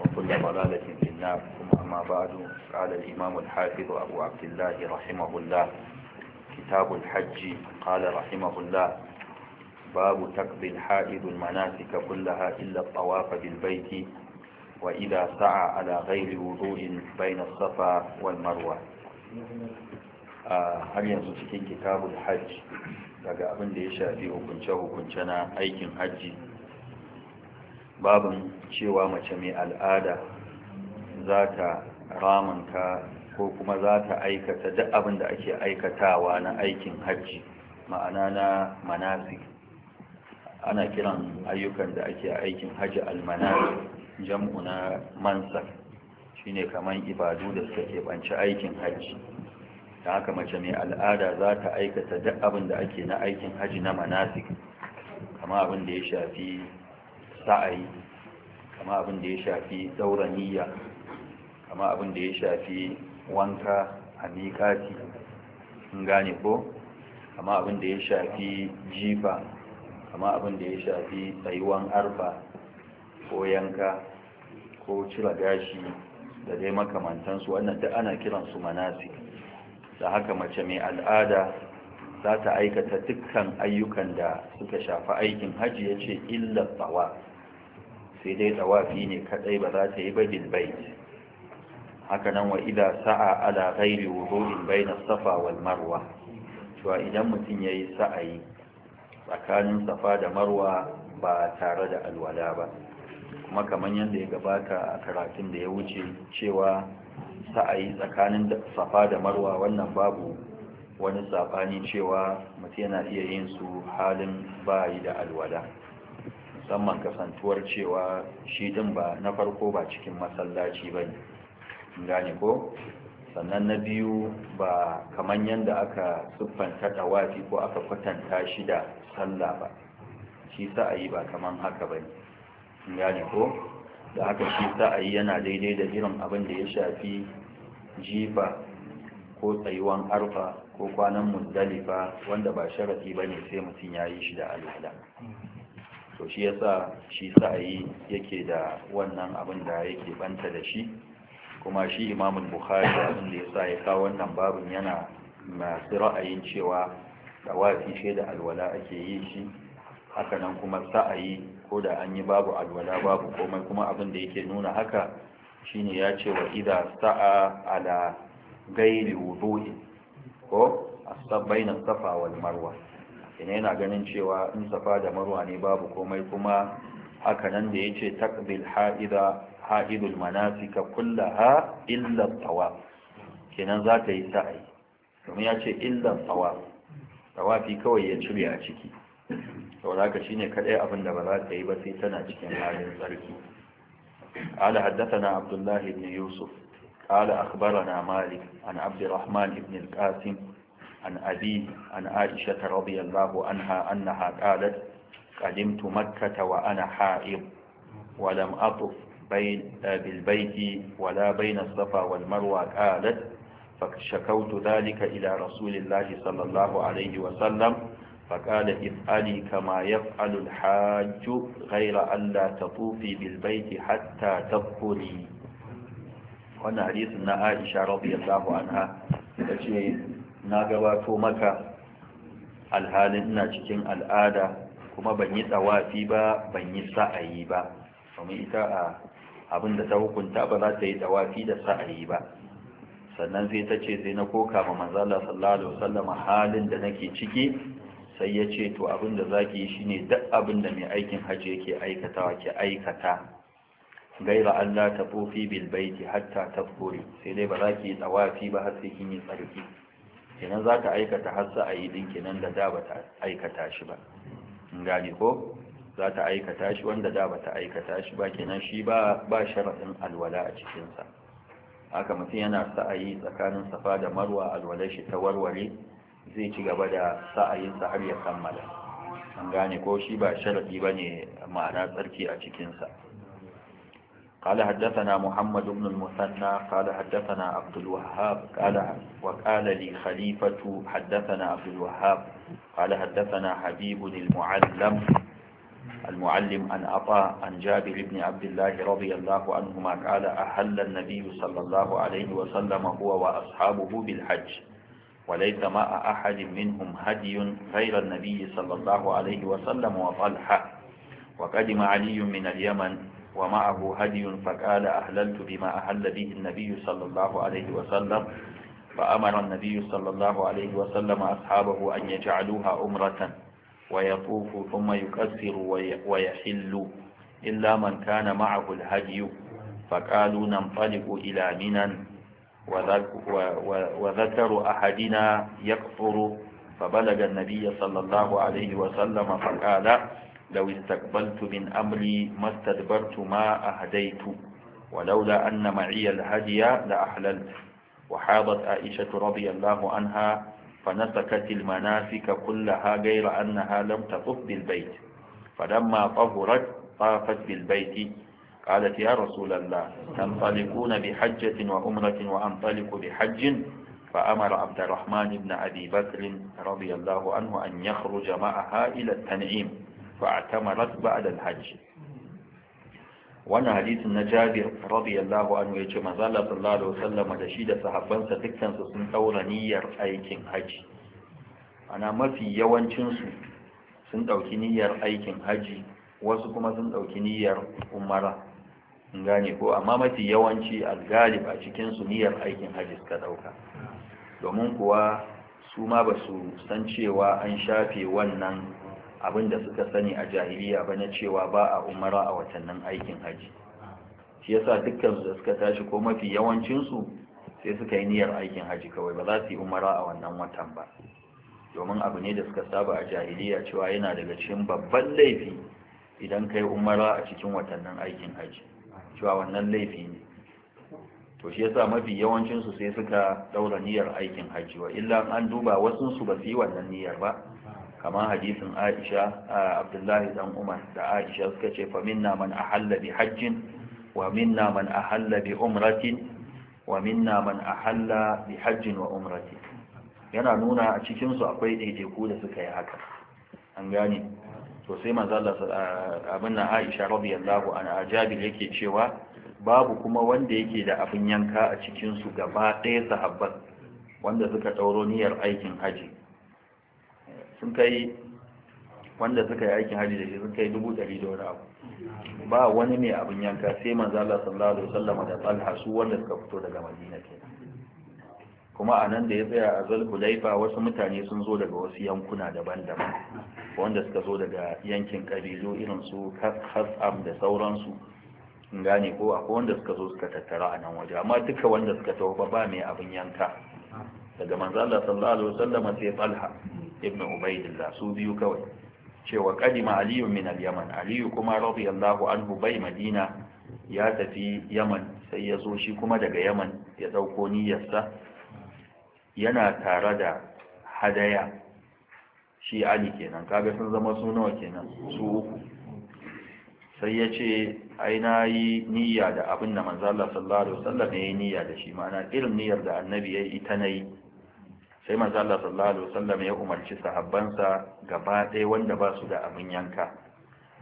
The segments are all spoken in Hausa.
وكل ضلالة في النار ثم أما بعد قال الإمام الحافظ أبو عبد الله رحمه الله كتاب الحج قال رحمه الله باب تقضي الحائض المناسك كلها إلا الطواف بالبيت وإذا سعى على غير وضوء بين الصفا والمروة har yanzu cikin kitabul hajj daga abin da ya shafi hukunce-hukunce na aikin hajji babin cewa mace mai al'ada za ta ramanta ko kuma za ta aikata duk abin da ake aikatawa na aikin hajji ma'ana na manasi ana kiran ayyukan da ake aikin hajji almanasi jam'u na mansa shine kaman ibadu da suka keɓanci aikin hajji ta haka mace mai al'ada za ta aikata duk abin da ake na aikin hajji na manasik kama abin da ya shafi a yi kama abin da ya shafi daura niyya kama abin da ya shafi wanka a miƙati in gane ko kama abin da ya shafi jifa kama abin da ya shafi tsayuwan arfa ko yanka ko cire gashi da dai makamantansu wannan ta ana kiransu manasi da haka mace mai al'ada za ta aikata dukkan ayyukan da suka shafi aikin hajji ya ce illar tsawa sai dai tawafi ne kadai ba za ta yi bagil bait haka nan wa idza sa'a ala ghairi wudu'in bayna safa wal marwa cewa idan mutum yayi sa'ayi tsakanin safa da marwa ba tare da alwala ba kuma kamar yanda ya gabata a karatun da ya wuce cewa sa'ayi tsakanin safa da marwa wannan babu wani sabani cewa mutum yana iya yin su halin bayi da alwala musamman kasantuwar cewa shi din ba na farko ba cikin masallaci ba ne gane ko sannan na biyu ba kamar yadda aka siffanta wafi ko aka kwatanta shi da sallah ba shi sa'ayi ba kamar haka ba ne gane ko da haka shi sa'ayi yana daidai da irin abin da ya shafi jifa ko tsayuwan arfa ko kwanan mundalifa wanda ba sharaɗi ba ne sai mutum ya yi shi da al'ada to shi yasa shi sa'ayi yake da wannan abin da yake banta da shi kuma shi imamun bukhari abin da yasa ya kawo wannan babin yana masu ra'ayin cewa da dawafi shi da alwala ake yi shi haka nan kuma sa'ayi ko da an yi babu alwala babu komai kuma abin da yake nuna haka shine ya ce wa idza sa'a ala gairi wudu'i ko asabbaina safa wal marwa ina yana ganin cewa in safa da marwa ne babu komai kuma hakanan da ya ce takbil ha'idul manasika kullaha illa tawaf kenan za ta yi sa'ayi domin ya ce illa tawaf tawafi kawai ya cire a ciki sauraka shine kaɗai abin da ba za ta yi ba sai tana cikin halin tsarki قال حدثنا عبد الله بن يوسف قال أخبرنا مالك عن عبد الرحمن بن القاسم عن أبي عن عائشة رضي الله عنها أنها قالت قدمت مكة وأنا حائض ولم أطف بين بالبيت ولا بين الصفا والمروة قالت فشكوت ذلك إلى رسول الله صلى الله عليه وسلم فقال افعلي كما يفعل الحاج غير أن لا تطوفي بالبيت حتى تطهري وانا حديث عائشة رضي الله عنها na gabato maka alhalin ina cikin al'ada kuma ban yi tsawafi ba ban yi sa'ayi ba domin ita a abin da ta hukunta ba za ta yi tsawafi da sa'ayi ba sannan zai ta ce zai na koka ma manzala sallallahu alaihi halin da nake ciki sai ya ce to abin da zaki yi shine duk abin da mai aikin hajji yake aikatawa ke aikata gaira Allah ta fofi hatta tafkuri sai dai ba za ki yi tsawafi ba har sai kin yi tsarki kenan za ka aikata har sa'ayi yi kenan da da ba ta aikata shi ba gani ko za ta aikata shi wanda da ba ta aikata shi ba kenan shi ba sharaɗin alwala a cikinsa haka mutum yana sa'ayi tsakanin safa da marwa alwalar shi ta warware zai ci gaba da sa'ayinsa har ya kammala an ko shi ba sharaɗi ba ne ma'ana tsarki a cikinsa قال حدثنا محمد بن المثنى قال حدثنا عبد الوهاب قال وقال لي خليفة حدثنا عبد الوهاب قال حدثنا حبيب المعلم المعلم أن أطاء عن جابر بن عبد الله رضي الله عنهما قال أحل النبي صلى الله عليه وسلم هو وأصحابه بالحج وليس مع أحد منهم هدي غير النبي صلى الله عليه وسلم وطلحة وقدم علي من اليمن ومعه هدي فقال أهللت بما أهل به النبي صلى الله عليه وسلم فأمر النبي صلى الله عليه وسلم أصحابه أن يجعلوها أمرة ويطوف ثم يكسر ويحل إلا من كان معه الهدي فقالوا ننطلق إلى منى وذكر أحدنا يكفر فبلغ النبي صلى الله عليه وسلم فقال لو استقبلت من أمري ما استدبرت ما أهديت ولولا أن معي الهدي لأحللت وحاضت عائشة رضي الله عنها فنسكت المناسك كلها غير أنها لم تطف بالبيت فلما طهرت طافت بالبيت قالت يا رسول الله تنطلقون بحجة وأمرة وأنطلق بحج فأمر عبد الرحمن بن أبي بكر رضي الله عنه أن يخرج معها إلى التنعيم fa'atamarat ba al-hajj wannan hadisin na Jabir radiyallahu anhu ya ce Allah sallallahu alaihi wasallam da shi da sahabbansa dukkansu sun daura niyyar aikin haji ana mafi yawancinsu sun dauki niyyar aikin haji wasu kuma sun dauki niyyar umara in gane ko amma mafi yawanci al-galib a cikinsu niyyar aikin haji suka dauka domin kuwa su ma ba su san cewa an shafe wannan abinda suka sani a jahiliya ba na cewa ba a umara a watannin aikin haji shi yasa dukkan da suka tashi ko mafi yawancinsu sai suka yi niyyar aikin haji kawai ba za su yi umara a wannan watan ba domin abu ne da suka saba a jahiliya cewa yana daga cikin babban laifi idan kai umara a cikin watannin aikin haji cewa wannan laifi ne to shi yasa mafi yawancinsu sai suka daura niyyar aikin haji wa illa an duba wasunsu ba su yi wannan niyyar ba kamar hadisin Aisha Abdullahi dan Umar da Aisha suka ce fa minna man a hallabi hajjin wa minna man a hallabi umratin wa minna man a hallabi hajjin wa umratin yana nuna a cikinsu akwai daidaiku da suka yi haka an gane to sai manzo Allah abin nan Aisha radiyallahu anha yake cewa babu kuma wanda yake da abin yanka a cikinsu gaba ɗaya sahabban wanda suka ɗauro niyyar aikin haji sun kai wanda suka yi aikin hajji da shi sun kai dubu ɗari da wani abu ba wani ne abin yanka sai manzo Allah sallallahu alaihi wasallam da Talha su wanda suka fito daga Madina ke kuma a nan da ya tsaya a Zulhulaifa wasu mutane sun zo daga wasu yankuna daban-daban wanda suka zo daga yankin kabilu irin su Khasam da sauransu in gane ko akwai wanda suka zo suka tattara a nan waje amma duka wanda suka tawo ba mai abin yanka daga manzo Allah sallallahu alaihi wasallam sai Talha ibn ubaidillah su biyu kawai cewa kadima aliyu min al-yaman aliyu kuma radiyallahu anhu bai madina ya tafi yaman sai ya zo shi kuma daga yaman ya dauko niyyarsa yana tare da hadaya shi ali kenan kaga sun zama su nawa kenan su uku sai ya ce ai na yi niyya da abin da manzo Allah sallallahu alaihi wasallam ya yi niyya da shi ma'ana irin niyyar da annabi ya yi ita nayi sai manzo Allah sallallahu alaihi wasallam ya umarci sahabbansa gaba ɗaya wanda ba su da abin yanka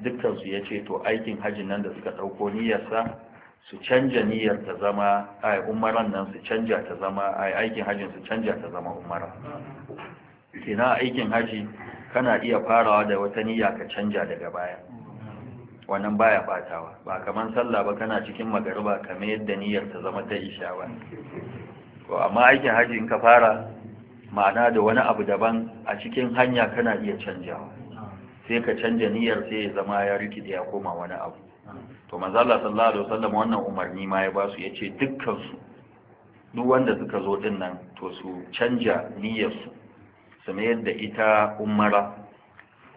dukkan su yace to aikin haji nan da suka dauko niyyarsa su canja niyyar ta zama ai umaran nan su canja ta zama ai aikin hajin su canja ta zama umara kina aikin haji kana iya farawa da wata niyya ka canja daga baya wannan baya batawa ba kaman sallah ba kana cikin magariba kamar yadda niyyar ta zama ta isha ba ko amma aikin haji in ka fara ma'ana da wani abu daban a cikin hanya kana iya canjawa sai ka canja niyyar sai ya zama ya rikide ya koma wani abu to manzo Allah sallallahu alaihi wasallam wannan umarni ma ya basu yace dukkan su duk wanda suka zo din nan to su canja niyyar su su mayar da ita umara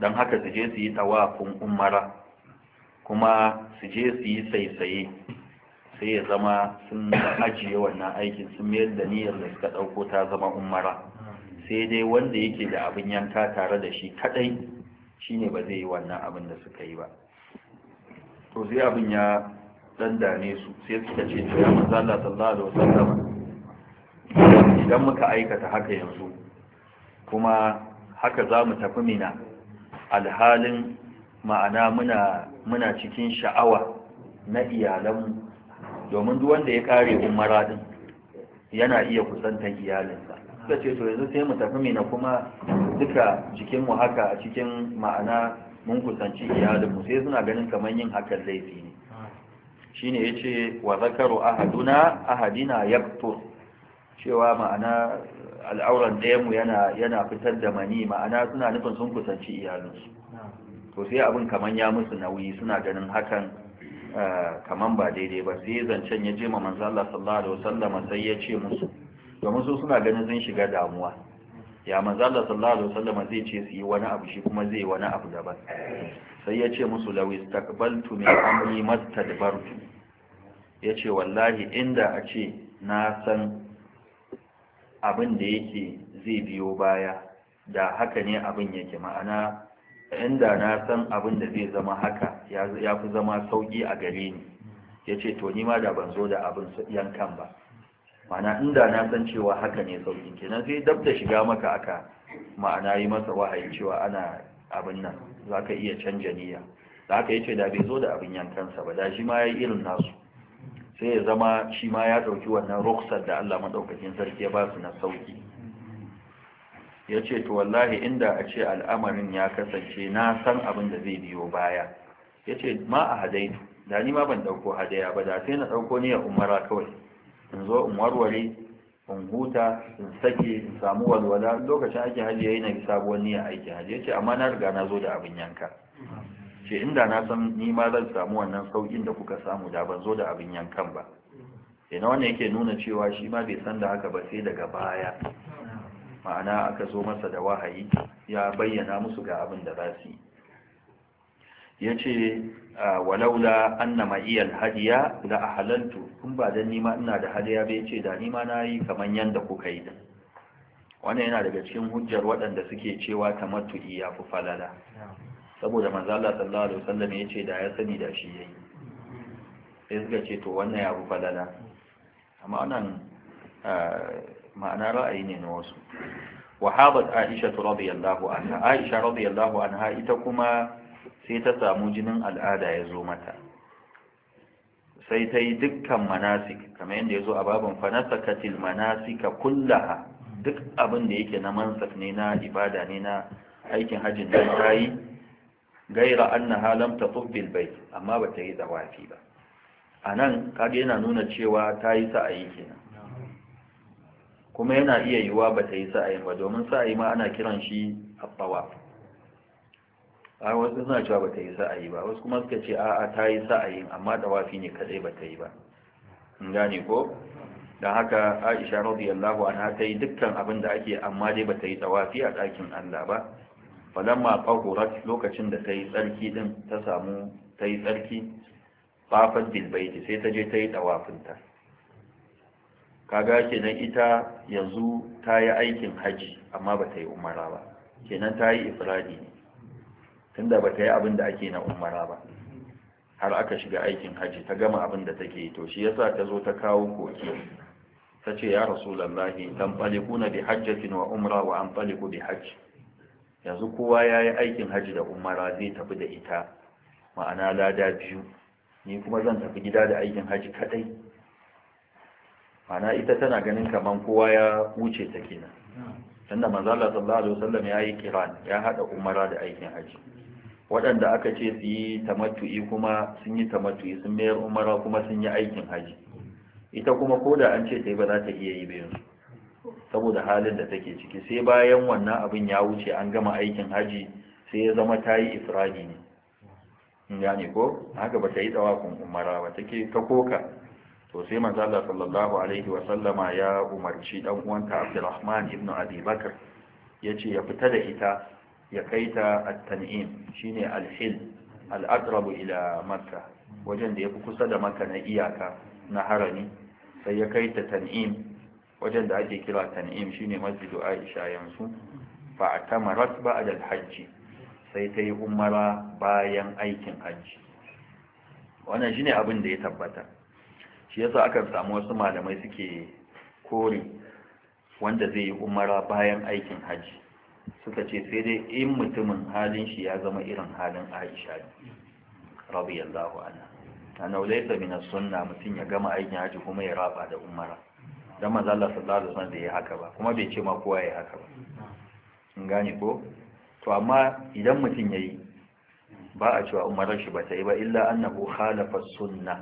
dan haka su je su yi tawafin umara kuma su je su yi saisaye sai ya zama sun ajiye wannan aikin sun mayar da niyyar da suka dauko ta zama umara sai dai wanda yake da abin yanka tare da shi kadai shine ba zai yi wannan abin da suka yi ba to sai abin ya dandane su sai suka ce to ya manzo Allah sallallahu alaihi wasallam idan muka aikata haka yanzu kuma haka za mu tafi mina alhalin ma'ana muna muna cikin sha'awa na iyalanmu domin duk wanda ya kare umara din yana iya kusantar iyalinsa suka ce to yanzu sai mu tafi mina kuma duka jikinmu haka a cikin ma'ana mun kusanci iyalinmu sai suna ganin kamar yin hakan laifi ne shine yace wa zakaru ahaduna ahadina yaqtur cewa ma'ana al'auran ɗayanmu yana yana fitar da mani ma'ana suna nufin sun kusanci iyalinsu to sai abin kamar ya musu nauyi suna ganin hakan eh, kaman ba daidai ba sai zancen ya je ma manzo Allah sallallahu alaihi wasallam sai ya ce musu domin su suna ganin sun shiga damuwa ya manzala sallallahu alaihi wasallam zai ce su yi wani abu shi kuma zai wani abu daban sai ya ce musu law istaqbaltu min amri mastadbartu yace wallahi inda a ce na san abin da yake zai biyo baya da haka ne abin yake ma'ana inda na san abin da zai zama haka ya fi zama sauki a gare ni yace to ni ma da ban zo da abin yankan ba ma'ana inda na san cewa haka ne saukin kenan sai dab da shiga maka aka ma'ana yi masa wahayi cewa ana abin nan za ka iya canja niyya Za ka yi ce da bai zo da abin yankansa ba da shi ma ya yi irin nasu sai ya zama shi ma ya ɗauki wannan ruksar da Allah maɗaukakin sarki ya ba su na sauki ya ce to wallahi inda a ce al'amarin ya kasance na san abin da zai biyo baya ya ce ma a hadaitu da ni ma ban ɗauko hadaya ba da sai na ɗauko ya umara kawai in zo in warware in huta in sake in samu walwala lokacin ake hajji yi na sabuwar niyyar aiki hajji ce, amma na riga na zo da abin yanka ce inda na san ni ma zan samu wannan saukin da kuka samu da ban zo da abin yankan ba sai na wannan yake nuna cewa shi ma bai san da haka ba sai daga baya ma'ana aka zo masa da wahayi ya bayyana musu ga abin da za su yi ya ce walaula anna ma'iyal hadiya la ahlaltu kun ba dan nima ina da hadiya bai ce da nima nayi kaman yanda kuka yi din wannan yana daga cikin hujjar waɗanda suke cewa tamattu'i ya fi falala saboda manzo Allah sallallahu alaihi wasallam ya ce da ya sani da shi yayi sai suka ce to wannan ya fi falala amma wannan ma'ana ra'ayi ne na wasu wa habat aisha radiyallahu anha aisha radiyallahu anha ita kuma sai ta samu jinin al'ada ya zo mata sai ta yi dukkan manasik kamar yadda ya zo a babin fanasakatil manasika kullaha duk abin da yake na mansak ne na ibada ne na aikin hajjin da ta yi gaira na halam ta bil bai, amma ba ta yi zawafi ba A nan, kage yana nuna cewa ta yi sa'ayi kenan kuma yana iya yiwuwa ba ta yi sa'ayi ba domin sa'ayi ma ana kiran shi a tsawafi a wasu suna cewa ba ta yi sa'ayi ba wasu kuma suka ce a'a ta yi sa'ayi, amma ɗawafi ne kadai ba ta yi ba in gane ko don haka aisha radiyallahu anha ta yi dukkan abin da ake amma dai ba ta yi ɗawafi a ɗakin allah ba falamma tahurat lokacin da ta yi tsarki din ta samu ta yi tsarki fafat bil baiti sai ta je ta yi ta kaga kenan ita yanzu ta yi aikin haji amma ba ta yi umara ba kenan ta yi ifradi ne tunda ba ta yi abin da ake na umara ba har aka shiga aikin haji ta gama abin da take yi to shi yasa ta zo ta kawo koki ta ce ya rasulallahi na bi hajjatin wa umra wa anfaliku bi hajj yanzu kowa ya yi aikin haji da umara zai tafi da ita ma'ana lada biyu ni kuma zan tafi gida da aikin haji kadai ma'ana ita tana ganin kaman kowa ya wuce ta kenan tunda manzo Allah sallallahu alaihi wasallam ya yi kiran ya hada umara da aikin haji waɗanda aka ce su yi tamattu'i kuma sun yi tamattu'i sun mayar umara kuma sun yi aikin haji ita kuma ko da an ce ta yi ba za ta iya yi bayan su saboda halin da take ciki sai bayan wannan abin ya wuce an gama aikin haji sai ya zama ta yi ifradi ne gane ko haka ba ta yi tsawakun umara ba ke ta koka to sai manzala sallallahu alaihi wa sallama ya umarci ɗan uwanta abdulrahman ibnu abi ya yace ya fita da ita ya kai ta a tanim shine al-hil al-aqrabu ila makka wajen da yafi kusa da makka na iyaka na harami sai ya kai ta tan'im wajen da ake kira tan'im shine masjidu aisha yanzu fa ba a al hajji sai ta yi umara bayan aikin hajji wannan shine abin da ya tabbata shi yasa akan samu wasu malamai suke kore wanda zai yi umara bayan aikin hajji suka ce sai dai in mutumin halin shi ya zama irin halin aisha ne radiyallahu anha ana ulaita min sunna mutum ya gama aikin haji kuma ya raba da umara dan manzo Allah sallallahu alaihi wasallam bai haka ba kuma bai ce ma kowa ya haka ba in gane ko to amma idan mutum yayi ba a cewa umarar shi ba ta yi ba illa annahu khalafa sunna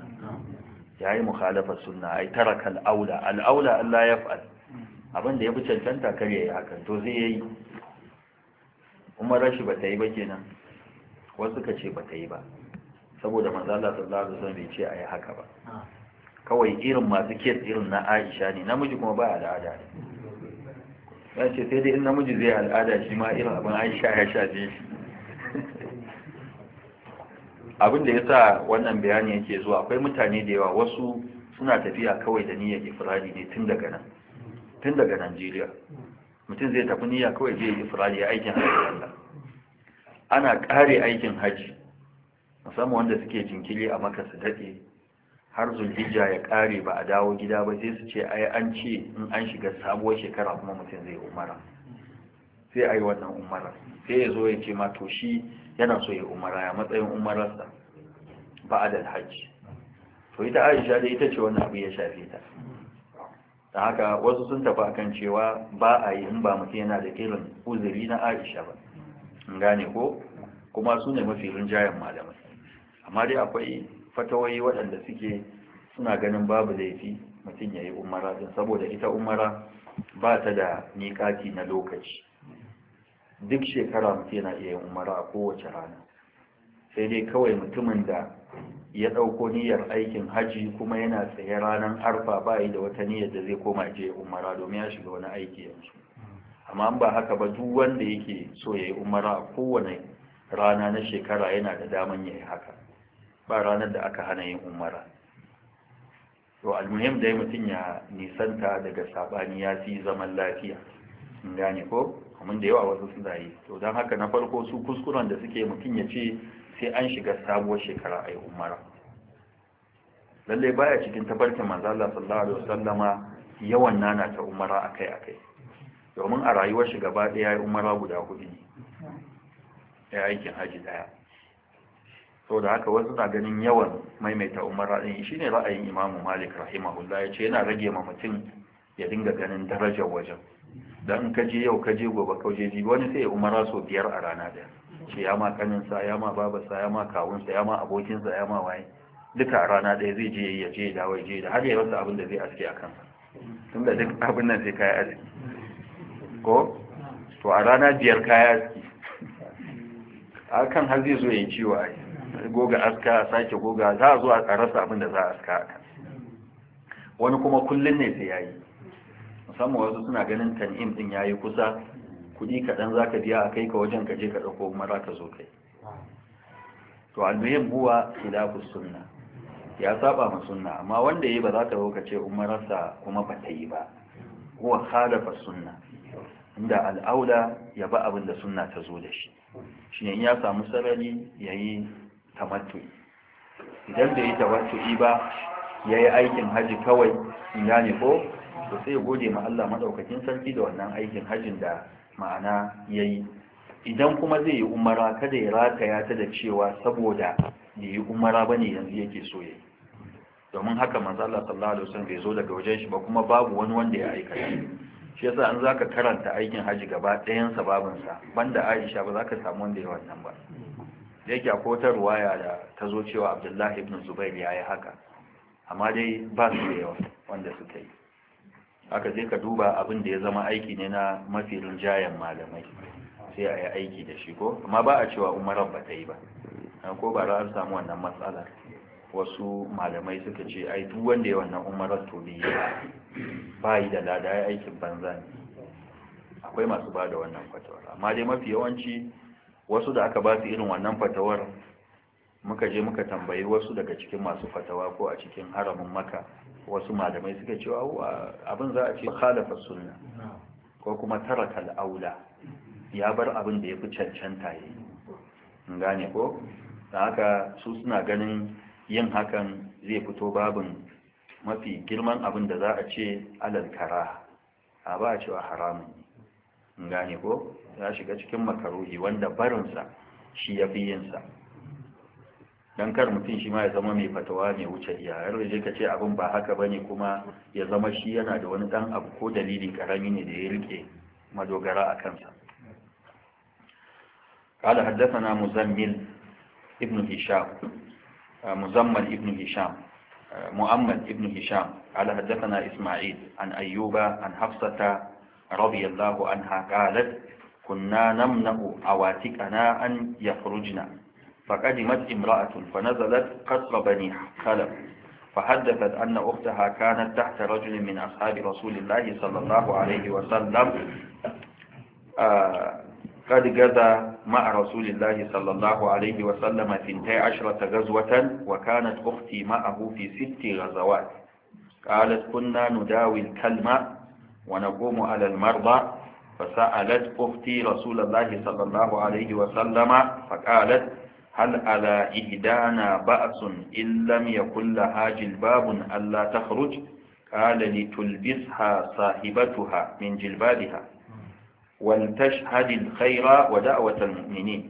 yayi mukhalafa sunna ai taraka aula al-aula Allah yaf'al abin da ya fi cancanta kar yi haka to zai yi Umar Rashi ba ta yi ba kenan wasu ka ce ba ta yi ba saboda manzala sallallahu alaihi wasallam bai ce a yi haka ba kawai irin masu kes irin na aisha ne namiji kuma ba al'ada ne ya ce sai dai in namiji zai al'ada shi ma irin abin aisha ya sha shi abin da ya sa wannan bayani yake zuwa akwai mutane da yawa wasu suna tafiya kawai da niyyar ifradi ne tun daga nan tun daga najeriya mutum zai tafi niyya kawai zai yi ifradi aikin hajji ana kare aikin hajji musamman wanda suke jinkiri a maka su daɗe har zulhijja ya kare ba a dawo gida ba sai su ce ai an ce in an shiga sabuwar shekara kuma mutum zai umara sai ai wannan umara sai ya zo ya ce ma to shi yana so ya umara ya matsayin umararsa ba adal hajji to ita aisha da ita ce wannan abu ya shafe ta da haka wasu sun tafi akan cewa ba a yi in ba mutum yana da ƙirin uzuri na aisha ba gane ko kuma su ne mafi rinjayen malamai amma dai akwai fatawai waɗanda suke suna ganin babu laifi mutum ya yi umara din saboda ita umara ba ta da niƙati na lokaci duk shekara mutum yana iya yin umara a kowace rana sai dai kawai mutumin da ya ɗauko niyyar aikin hajji kuma yana tsaye ranar arfa ba yi da wata niyyar da zai koma je umara domin ya shiga wani aiki yanzu amma ba haka ba duk wanda yake so ya yi umara a kowane rana na shekara yana da daman ya yi haka ba ranar da aka hana yin umara to almuhim dai mutum ya nisanta daga saɓani ya fi zaman lafiya gane ko kuma da yawa wasu suna yi to don haka na farko su kuskuren da suke mutum ya ce sai an shiga sabuwar shekara a yi umara lallai baya cikin tabarkin manzala sallallahu alaihi wasallama yawan nana ta umara akai akai domin a rayuwar shi gaba ɗaya ya umara guda hudu ne ya aikin haji daya Sau da haka wasu na ganin yawan maimaita umara ɗin shi ne ra'ayin imamu malik rahimahullah ya ce yana rage ma mutum ya dinga ganin darajar wajen don in ka yau kaje gobe kaujeji, wani sai ya umara sau biyar a rana ɗaya ce ya ma kaninsa ya ma babarsa ya ma kawunsa ya ma abokinsa ya ma waye duka a rana ɗaya zai je ya je da wai je da har ya rasa abin da zai aske a kansa tun da duk abin nan sai kaya aski ko to a rana biyar kaya aski a kan har zai zo ya ciwo a goga aska sake goga za a zo a rasa abin da za a aska a wani kuma kullum ne sai ya yi musamman wasu suna ganin tan'im din ya yi kusa kuɗi kaɗan za ka biya a kai ka wajen ka je ka ɗauko kuma za ka zo kai to almuhim huwa khilafu sunna ya saba ma sunna amma wanda yayi ba za ka zo ka ce umararsa kuma ba ta yi ba huwa khalafa sunna inda al'aula ya ba abin da sunna ta zo da shi shine in ya samu sarari yayi tamattu'i idan bai yi tamattu'i ba yayi aikin haji kawai in ne ko to sai gode ma Allah madaukakin sarki da wannan aikin hajin da ma'ana yayi idan kuma zai yi umara kada ya rataya ta da cewa saboda da yi umara bane yanzu yake so yayi domin haka manzo Allah sallallahu alaihi wasallam bai zo daga wajen shi ba kuma babu wani wanda ya aika shi yasa an zaka karanta aikin haji gaba ɗayan babin sa banda Aisha ba zaka samu wanda ya wannan ba yake akwai wata ruwaya da ta zo cewa Abdullahi ibn Zubair ya yi haka amma dai ba su da yawa wanda suka yi aka je ka duba abin da ya zama aiki ne na mafi rinjayen malamai sai a yi aiki da shi ko amma ba a cewa umarar ba ta yi ba ko ba ra'ar samu wannan matsalar wasu malamai suka ce ai duk wanda ya wannan umarar to bi ba yi da lada ya aikin banza ne akwai masu ba da wannan fatawar amma dai mafi yawanci wasu da aka ba su irin wannan fatawar muka je muka tambayi wasu daga cikin masu fatawa ko a cikin haramin maka wasu malamai suka cewa abin za a ce khalafa sunna ko kuma taraka al'aula ya bar abin da ya fi cancanta yi gane ko da haka su suna ganin yin hakan zai fito babin mafi girman abin da za a ce alal kara a ba a cewa haramun ne gane ko ya shiga cikin makaruhi wanda barinsa shi ya fi yinsa don kar mutum shima ya zama mai fatawa mai wuce iyayen rage ka ce abin ba haka ba ne kuma ya zama shi yana da wani dan abu ko dalilin karami ne da ya rike madogara a kansa ƙada haddasa na muzammil ibn hisham ah, muzammal ah, ismail an ayyuba an hafsata rabiyallahu an haƙalat kunna namnahu a watiƙana an yafurujina فقدمت امرأة فنزلت قصر بني خلف فحدثت أن أختها كانت تحت رجل من أصحاب رسول الله صلى الله عليه وسلم آه، قد جذى مع رسول الله صلى الله عليه وسلم ثنتي عشرة غزوة وكانت أختي معه في ست غزوات قالت كنا نداوي الكلمة ونقوم على المرضى فسألت أختي رسول الله صلى الله عليه وسلم فقالت هل على إهدانا بأس إن لم يكن لها جلباب ألا تخرج قال لتلبسها صاحبتها من جلبابها ولتشهد الخير ودعوة المؤمنين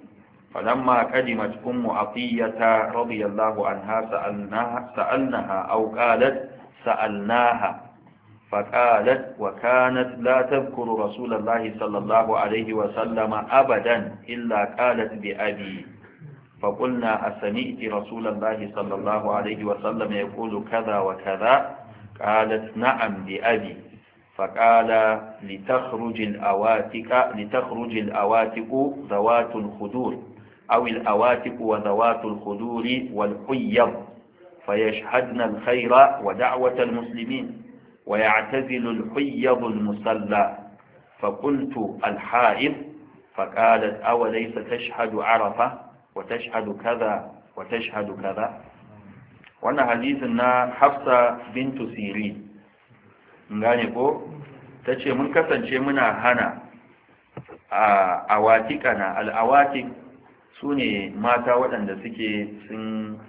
فلما قدمت أم عطية رضي الله عنها سألناها, سألناها أو قالت سألناها فقالت وكانت لا تذكر رسول الله صلى الله عليه وسلم أبدا إلا قالت بأبي فقلنا أسمعت رسول الله صلى الله عليه وسلم يقول كذا وكذا قالت نعم لأبي فقال لتخرج الأواتك لتخرج الأواتك ذوات الخدور أو الأواتك وذوات الخدور والحيض فيشهدن الخير ودعوة المسلمين ويعتزل الحيض المصلى فقلت الحائض فقالت أوليس تشهد عرفة wa tashhadu kaza kaza wannan hadisin na Hafsa bintu Siri ngane ko tace mun kasance muna hana a awatikana al-awatik sune mata waɗanda suke sun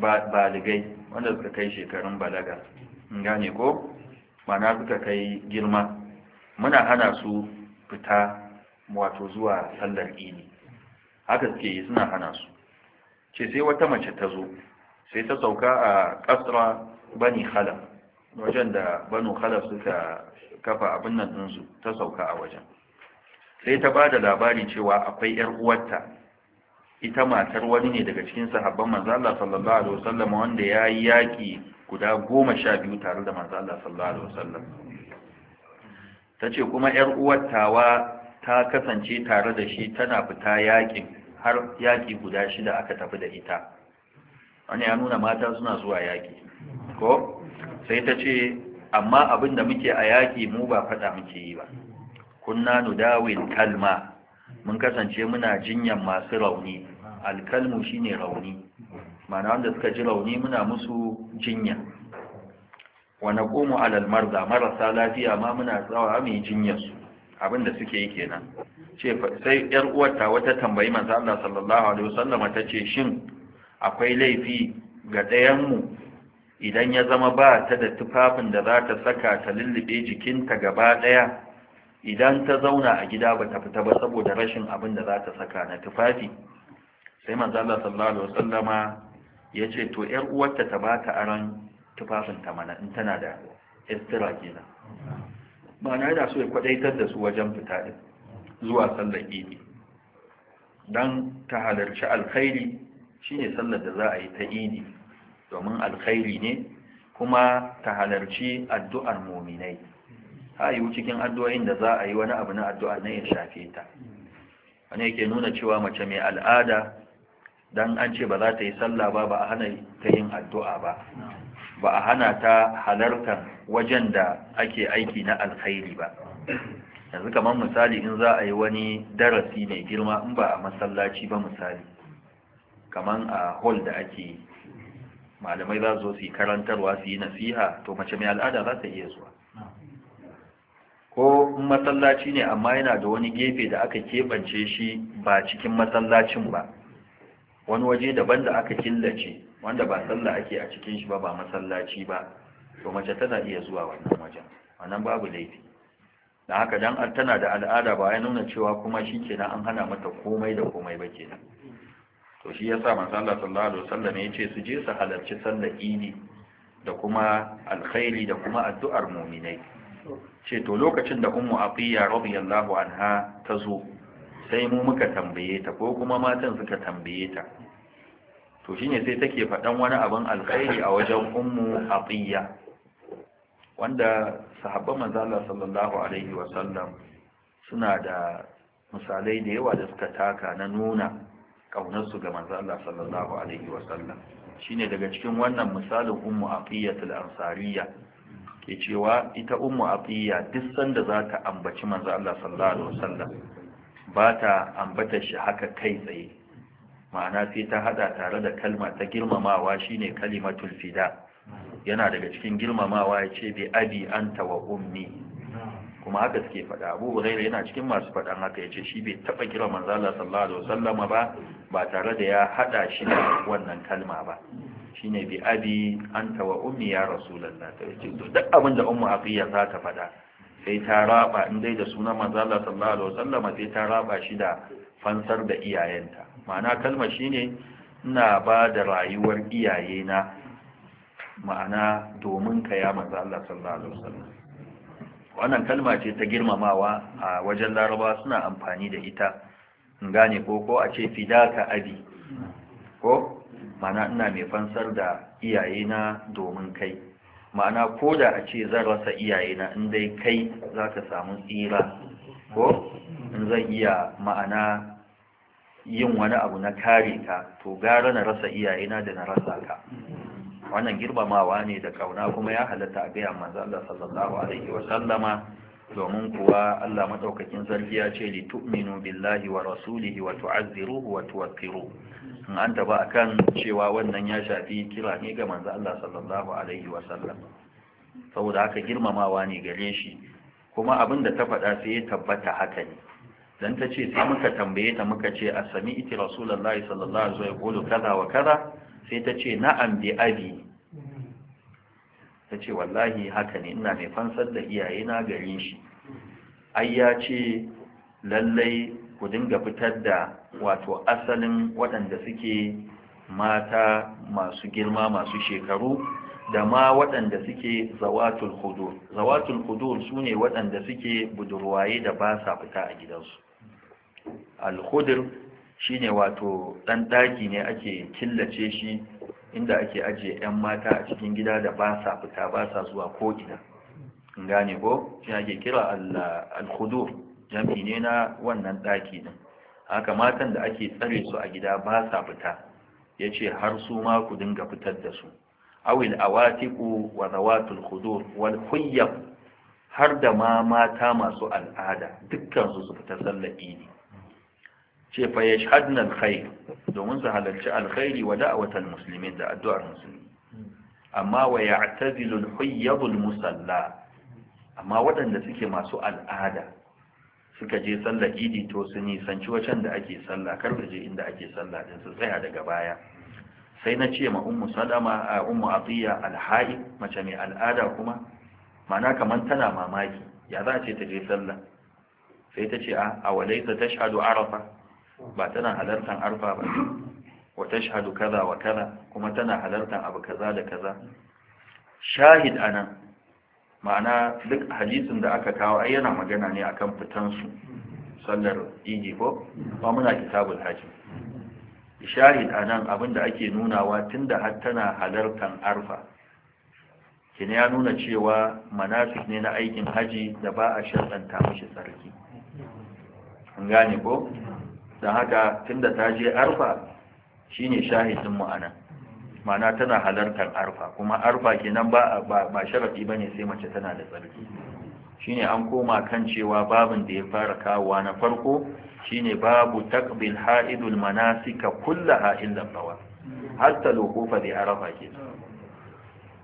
baligai wanda suka kai shekarun balaga gane ko mana suka kai girma muna hana su fita wato zuwa sallar ini haka suke yi suna hana su ce sai wata mace ta zo sai ta sauka a kasra bani khalaf wajen da banu khalaf suka kafa abin nan su ta sauka a wajen sai ta ba da labari cewa akwai ‘yar uwarta ita matar wani ne daga cikin sahabban Allah sallallahu alaihi wasallam wanda ya yi yaƙi guda goma sha biyu tare da Allah sallallahu alaihi wasallam ta ce kuma ‘yar wa ta kasance tare da shi tana fita yaƙin har yaƙi guda shida aka tafi da ita wani ya nuna mata suna zuwa yaƙi ko sai ta ce amma abin da muke a yaƙi mu ba faɗa muke yi ba kunna nudawin kalma mun kasance muna jinyan masu rauni alkalmu shine rauni mana wanda suka ji rauni muna musu jinya wa naqumu alal marda marasa lafiya ma muna tsawa mu jinyarsu abin da suke yi kenan ce sai yar uwarta wata tambayi manzo Allah sallallahu alaihi wasallam ta ce shin akwai laifi ga ɗayan mu idan ya zama ba ta da tufafin da za ta saka ta lullube jikinta gaba ɗaya idan ta zauna a gida ba ta fita ba saboda rashin abin da za ta saka na tufafi sai manzo Allah sallallahu alaihi wasallam ya ce to yar uwarta ta ba ta aron ta mana in tana da istira kenan ma'ana yana so ya kwadaitar da su wajen fita din zuwa sallar idi dan ta halarci alkhairi shine sallar da za a yi ta idi domin alkhairi ne kuma ta halarci addu'ar muminai ta yiwu cikin addu'o'in da za a yi wani abu na addu'a na ya shafe ta wani yake nuna cewa mace mai al'ada don an ce ba za ta yi sallah ba ba a hana ta yin addu'a ba ba a hana ta halartar wajen da ake aiki na alkhairi ba yanzu kamar misali in za a yi wani darasi mai girma in ba a masallaci ba misali kamar a hall da ake malamai za su yi karantarwa su yi nasiha to mace mai al'ada za ta iya zuwa ko in masallaci ne amma yana da wani gefe da aka keɓance shi ba cikin masallacin ba wani waje daban da aka killace wanda ba sallah ake a cikin shi ba ba masallaci ba to mace tana iya zuwa wannan wajen wannan babu laifi da haka dan tana da al'ada ba ya nuna cewa kuma shi an hana mata komai da komai ba kenan to shi yasa manzo Allah sallallahu alaihi wasallam ya ce su je su halarci sallar idi da kuma alkhairi da kuma addu'ar mu'minai ce to lokacin da ummu afiya radiyallahu anha ta zo sai mu muka tambaye ta ko kuma matan suka tambaye ta to shine sai take faɗan wani abin alkhairi a wajen ummu atiya wanda sahabban manzo Allah sallallahu alaihi wa sallam suna da misalai da yawa da suka taka na nuna su ga manzo Allah sallallahu alaihi wa sallam shine daga cikin wannan misalin ummu aqiyatul ansariya ke cewa ita ummu atiya duk sanda za ta ambaci manzo Allah sallallahu alaihi wasallam ba ta ambata shi haka kai tsaye ma'ana sai ta hada tare da kalma ta girmamawa shine kalimatul fida yana daga cikin girmamawa ya ce bi abi an tawa ummi kuma haka suke faɗa abu hurairah yana cikin masu faɗan haka ya ce shi bai taɓa kira manzo Allah sallallahu alaihi wasallama ba ba tare da ya hada shi da wannan kalma ba shine bi abi an tawa ummi ya rasulullah ta yace to duk abin da ummu aqiya za ta faɗa sai ta raba in dai da sunan manzo Allah sallallahu alaihi wasallama sai ta raba shi da fansar da iyayenta ma'ana kalma shine ina ba da rayuwar iyaye na ma'ana domin ka ya manzo Allah sallallahu alaihi wasallam wannan kalma ce ta girmamawa a wajen laraba suna amfani da ita in gane ko ko a ce fidaka abi ko ma'ana ina mai fansar da iyaye na domin kai ma'ana ko da a ce zan rasa iyaye na in dai kai za ka samu tsira ko in zan iya ma'ana yin wani abu na kare ka to gara na rasa iyayena da na rasa ka wannan girmamawa ne da kauna kuma ya halatta a gaya manzo Allah sallallahu alaihi wa sallama domin kuwa Allah madaukakin sarki ya ce li tu'minu billahi wa rasulihi wa tu'azziruhu wa tuwaqqiru in an taba akan cewa wannan ya shafi kira ne ga manzo Allah sallallahu alaihi wa sallama. saboda haka girmamawa ne gare shi kuma abinda ta faɗa sai ya tabbata haka ne dan ta ce sai muka tambaye ta muka ce a sami iti rasulullahi sallallahu alaihi wasallam qulu kaza wa kaza sai ta ce na'am bi abi ta ce wallahi haka ne ina mai fansar da iyaye na garin shi ai ya ce lallai ku dinga fitar da wato asalin waɗanda suke mata masu girma masu shekaru da ma waɗanda suke zawatul hudur zawatul hudur sune ne waɗanda suke budurwaye da ba sa fita a gidansu al-khudr shine wato ɗan ɗaki ne ake killace shi inda ake ajiye yan mata a cikin gida da ba sa fita ba sa zuwa ko ina gane ko shi ake kira al jam'i ne na wannan daki din haka matan da ake tsare su a gida ba sa fita yace har su ma ku dinga fitar da su awil awatiqu wa zawatul khudur wal khuyyab har da ma mata masu al'ada dukkan su su fita sallar idi ce fa yashhadna alkhair domin su halarci alkhairi wa watan musulmi da addu'ar musulmi amma wa ya'tazilu alhuyyadul musalla amma waɗanda suke masu al'ada suka je sallar idi to su nisanci wacan da ake sallah kar je inda ake sallah din su tsaya daga baya sai na ce ma ummu salama a ummu atiya alha'i mace mai al'ada kuma mana kaman tana mamaki ya za ce ta je sallah sai ta ce a walaita tashhadu arafa ba tana halartar arfa ba wa shahadu kaza wa kaza kuma tana halartar abu kaza da kaza shahid anan ma'ana duk hadisin da aka kawo ai yana magana ne akan fitan su sallar idi ko ba muna kitabul haji shahid anan abinda ake nunawa tunda har tana halartar arfa kina ya nuna cewa manasik ne na aikin haji da ba a shaddanta mashi tsarki an gane ko don haka tunda ta je arfa shine shahidin mu anan ma'ana tana halartar arfa kuma arfa kenan ba ba sharafi bane sai mace tana da tsarki shine an koma kan cewa babin da ya fara kawowa na farko shine babu takbil haidul manasika kullaha illa tawaf hatta lokofa da arfa ke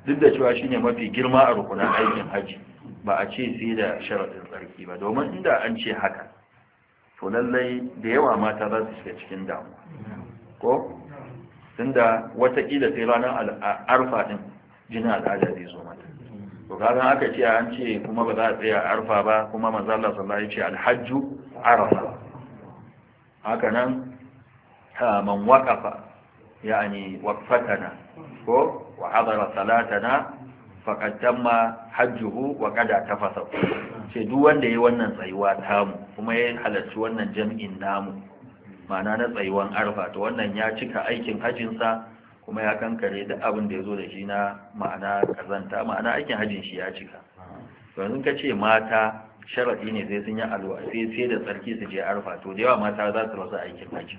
duk da cewa shine mafi girma a rukunan aikin haji ba a ce sai da sharadin tsarki ba domin inda an ce haka to lallai da yawa mata za su shiga cikin damuwa ko da watakila sai ranar arfa din jini al'ada zai zo mata to kaga aka ce an ce kuma ba za a tsaya arfa ba kuma manzo Allah ya ce alhajju arafa haka nan man waqafa yani waqfatana ko wa hadara salatana faqad ma hajjuhu wa qada tafasa ce duk wanda yayi wannan tsayuwa tamu kuma ya halarci wannan jami'in namu ma'ana na tsayuwan arfa to wannan ya cika aikin hajjin sa kuma ya kankare da abin da yazo da shi na ma'ana kazanta ma'ana aikin hajjin shi ya cika to yanzu ka ce mata sharaɗi ne sai sun yi alwa sai sai da tsarki su je arfa to da yawa mata za su rasa aikin hajji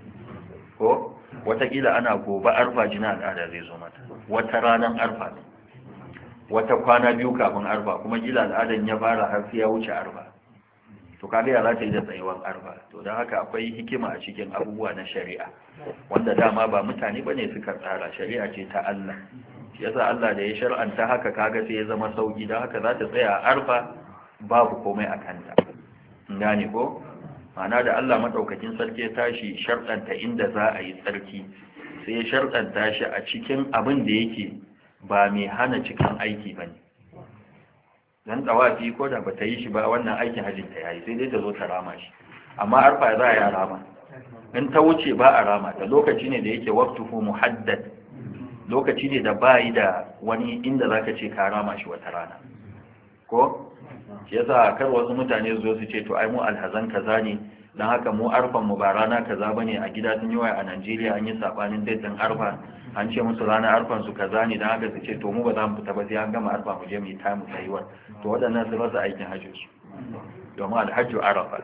ko watakila ana gobe arfa jina al'ada zai zo mata wata ranar arfa ne wata kwana biyu kafin arba kuma gila al'adar ya fara har ya wuce arba to kaga ya za yi da tsayuwar arba to don haka akwai hikima a cikin abubuwa na shari'a wanda dama ba mutane bane suka tsara shari'a ce ta Allah shi yasa Allah da ya shar'anta haka kaga sai ya zama sauki don haka zata tsaya a arba babu komai a kanta gane ko ma'ana da Allah madaukakin sarki ya tashi shar'anta inda za a yi tsarki sai ya shar'anta shi a cikin abin da yake ba mai hana cikin aiki ba ne don tsawafi ko da ba ta yi shi ba wannan aikin hajjinta ya yi, sai dai ta zo ta rama shi amma arfa za a yi rama in ta wuce ba a rama ta lokaci ne da yake mu muhaddad lokaci ne da ba yi da wani inda za ka ce ka rama shi wata rana ko shi sa kar wasu mutane zo su ce to ai mu alhazan kaza ne don haka mu arfan mu ba rana kaza ba ne a gida sun yi wa a Najeriya an yi saɓanin daidan arfa an ce musu ranar arfan su kaza ne don haka su ce to mu ba za mu fita ba sai an gama arfa mu je mu yi ta mu tsayuwar to waɗannan su rasa aikin hajji su domin alhajju arafa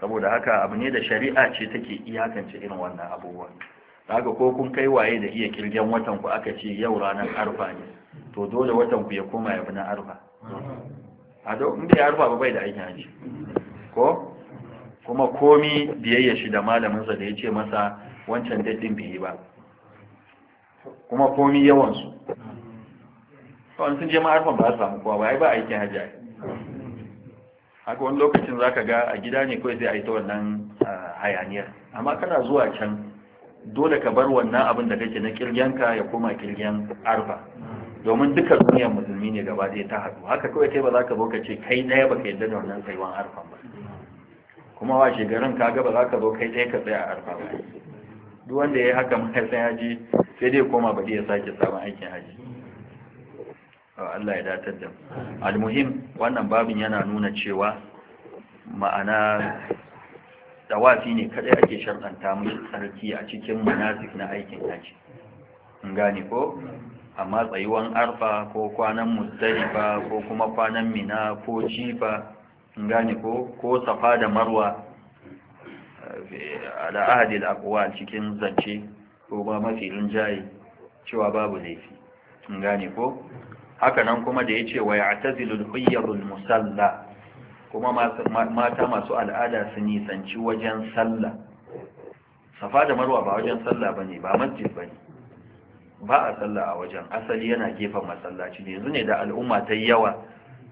saboda haka abu ne da shari'a ce take iyakance irin wannan abubuwa haka ko kun kai waye da iya kirgen watan ku aka ce yau ranar arfa ne to dole watan ku ya koma ya bi na arfa a da inda ya arfa ba bai da aikin hajji ko kuma komi biyayya shi da sa da ya ce masa wancan daddin bai yi ba kuma komi yawansu kawai sun je ma'arfan ba a samu kowa ba ai ba aikin hajji ai haka wani lokacin za ka ga a gida ne kawai sai aita ta wannan hayaniyar amma kana zuwa can dole ka bar wannan abin da kake na ka ya koma kirgen arfa domin duka duniyar musulmi ne gaba zai ta haɗu haka kawai kai ba za ka zo ka ce kai ɗaya ba ka yadda da wannan saiwan arfan ba kuma wa shekarun ka ga ba za ka zo kai ɗaya ka tsaya a arfa ba duk wanda ya yi haka ma ya ya ji sai dai koma bari ya sake samun aikin haji Allah ya datar da almuhim wannan babin yana nuna cewa ma'ana tawafi ne kadai ake sharɗanta mai tsarki a cikin manasik na aikin haji in gane ko amma tsayuwan arfa ko kwanan muzdalifa ko kuma kwanan mina ko jifa in gane ko ko safa da marwa eh, ala al aqwal cikin zance ko ba mafi rinjaye cewa babu laifi in gane ko haka nan kuma da ya ce wa ya tazilul musalla kuma mata masu al'ada su nisanci wajen sallah safa da marwa ba wajen sallah ba ne ba masjid ba ne ba a sallah a wajen asali yana gefen masallaci ne yanzu ne da al'umma ta yawa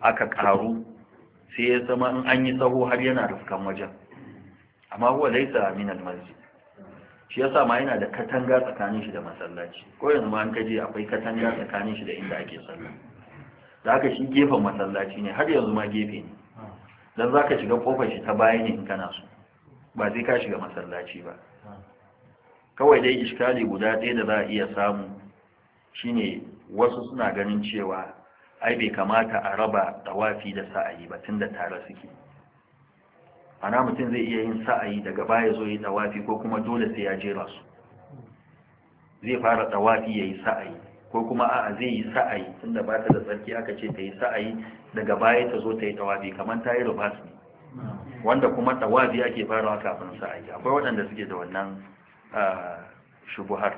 aka karu sai ya zama in an yi saho har yana rufkan wajen amma huwa laisa min al-masjid shi ya sa ma yana da katanga tsakanin shi da masallaci ko yanzu ma an kaje akwai katanga tsakanin shi da inda ake sallah da haka shi gefen masallaci ne har yanzu ma gefe ne dan zaka shiga kofar shi ta baya ne in kana so ba zai ka shiga masallaci ba kawai dai iskali guda ɗaya da za a iya samu shine wasu suna ganin cewa ai bai kamata a raba tawafi da sa'ayi ba tunda tare suke ana mutum zai iya yin sa'ayi daga baya zo yi tawafi ko kuma dole sai ya jera su zai fara tawafi ya yi sa'ayi ko kuma a zai yi sa'ayi tunda ba ta da tsarki aka ce ta yi sa'ayi daga baya ta zo ta yi tawafi kamar ta yi rubas ne wanda kuma tawafi ake farawa kafin sa'ayi akwai waɗanda suke da wannan shubuhar